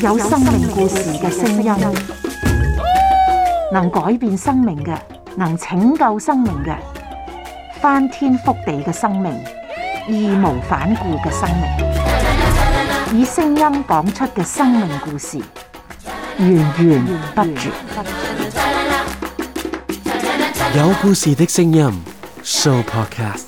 有生命故事嘅聲音，能改變生命嘅，能拯救生命嘅，翻天覆地嘅生命，義無反顧嘅生命，以聲音講出嘅生命故事，源源不絕。有故事嘅聲音，Show Podcast。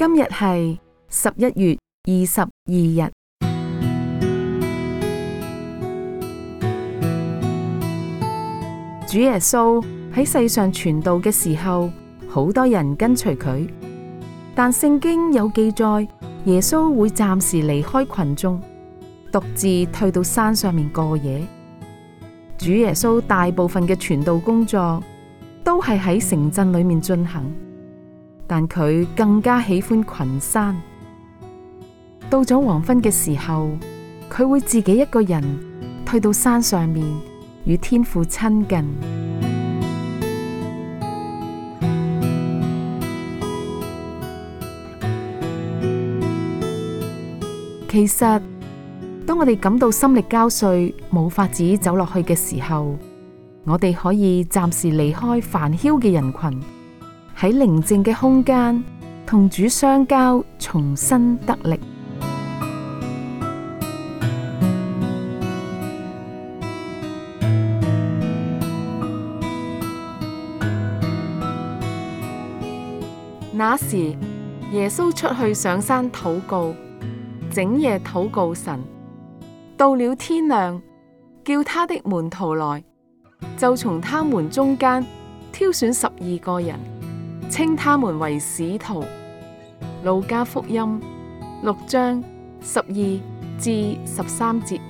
今日係十一月二十二日。主耶穌喺世上傳道嘅時候，好多人跟隨佢。但聖經有記載，耶穌會暫時離開群眾，獨自退到山上面過夜。主耶穌大部分嘅傳道工作，都係喺城鎮裏面進行。但佢更加喜歡群山。到咗黃昏嘅時候，佢會自己一個人退到山上面，與天父親近。其實，當我哋感到心力交瘁、冇法子走落去嘅時候，我哋可以暫時離開煩囂嘅人群。喺寧靜嘅空間，同主相交，重新得力。 那時耶穌出去上山禱告，整夜禱告神。到了天亮，叫他的門徒來，就從他們中間挑選十二個人。稱他們為使徒。《路加福音》六章十二至十三節。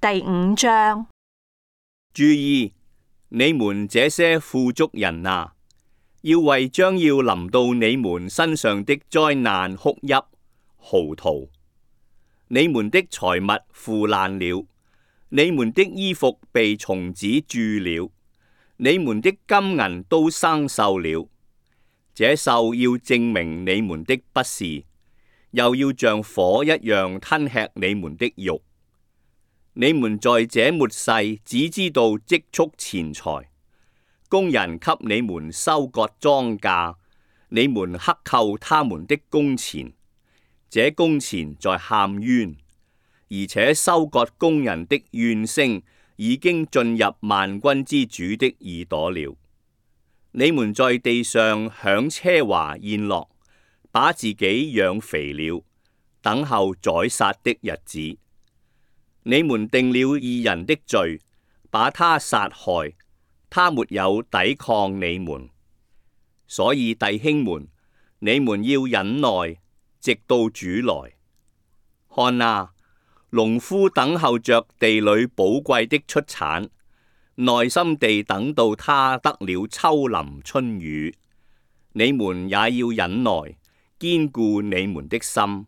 第五章，注意你們這些富足人啊，要為將要臨到你們身上的災難哭泣、嚎啕。你們的財物腐爛了，你們的衣服被蟲子蛀了，你們的金銀都生鏽了。這鏽要證明你們的不是，又要像火一樣吞吃你們的肉。你們在這末世只知道積蓄錢財，工人給你們收割莊稼，你們克扣他們的工錢，這工錢在喊冤，而且收割工人的怨聲已經進入萬軍之主的耳朵了。你們在地上享奢華宴樂，把自己養肥了，等候宰殺的日子。你們定了義人的罪，把他殺害，他沒有抵抗你們。所以弟兄們，你們要忍耐，直到主來。看啊，農夫等候着地裏寶貴的出產，耐心地等到他得了秋霖春雨。你們也要忍耐，堅固你們的心，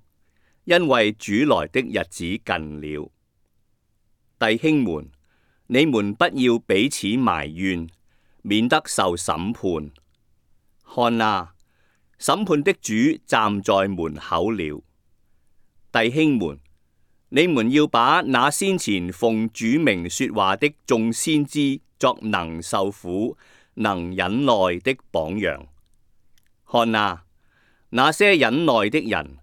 因為主來的日子近了。弟兄們，你們不要彼此埋怨，免得受審判。看啊，審判的主站在門口了。弟兄們，你們要把那先前奉主名說話的眾先知作能受苦、能忍耐的榜樣。看啊，那些忍耐的人，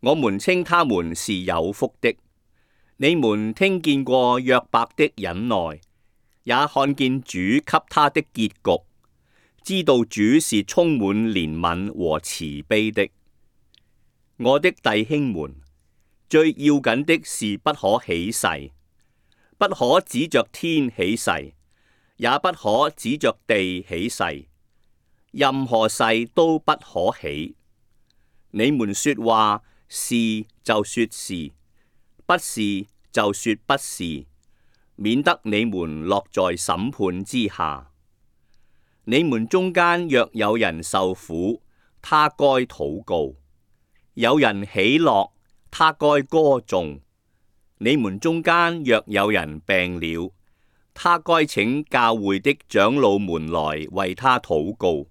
我們稱他們是有福的。你們聽見過約伯的忍耐，也看見主給他的結局，知道主是充滿憐憫和慈悲的。我的弟兄們，最要緊的是不可起誓，不可指着天起誓，也不可指着地起誓，任何誓都不可起。你們說話，是就說是。不是，就說不是，免得你們落在審判之下。你們中間若有人受苦，他該禱告；有人喜樂，他該歌頌。你們中間若有人病了，他該請教會的長老們來為他禱告，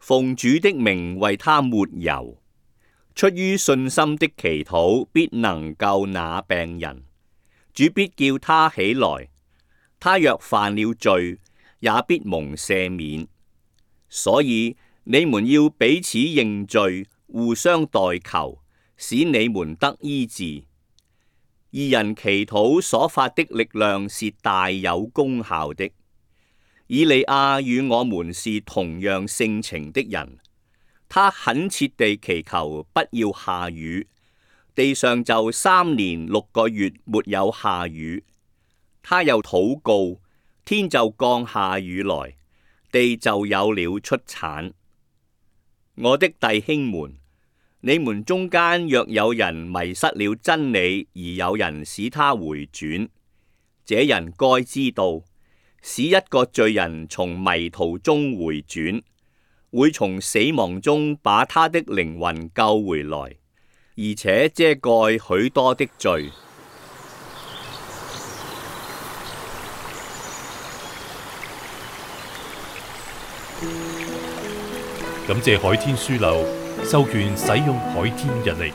奉主的名為他抹油。出於信心的祈禱必能救那病人，主必叫他起來。他若犯了罪，也必蒙赦免。所以你們要彼此認罪，互相代求，使你們得醫治。二人祈禱所發的力量是大有功效的。以利亞與我們是同樣性情的人。他懇切地祈求不要下雨，地上就三年六個月沒有下雨。他又禱告，天就降下雨來，地就有了出產。我的弟兄們，你們中間若有人迷失了真理，而有人使他回轉，這人該知道，使一個罪人從迷途中回轉。會從死亡中把他的靈魂救回來，而且遮蓋許多的罪。感謝海天書樓授權使用海天日曆，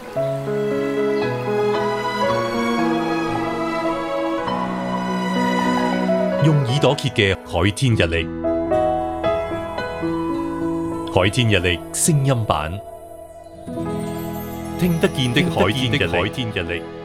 用耳朵揭嘅海天日曆。海天日曆聲音版，聽得見的海天日曆。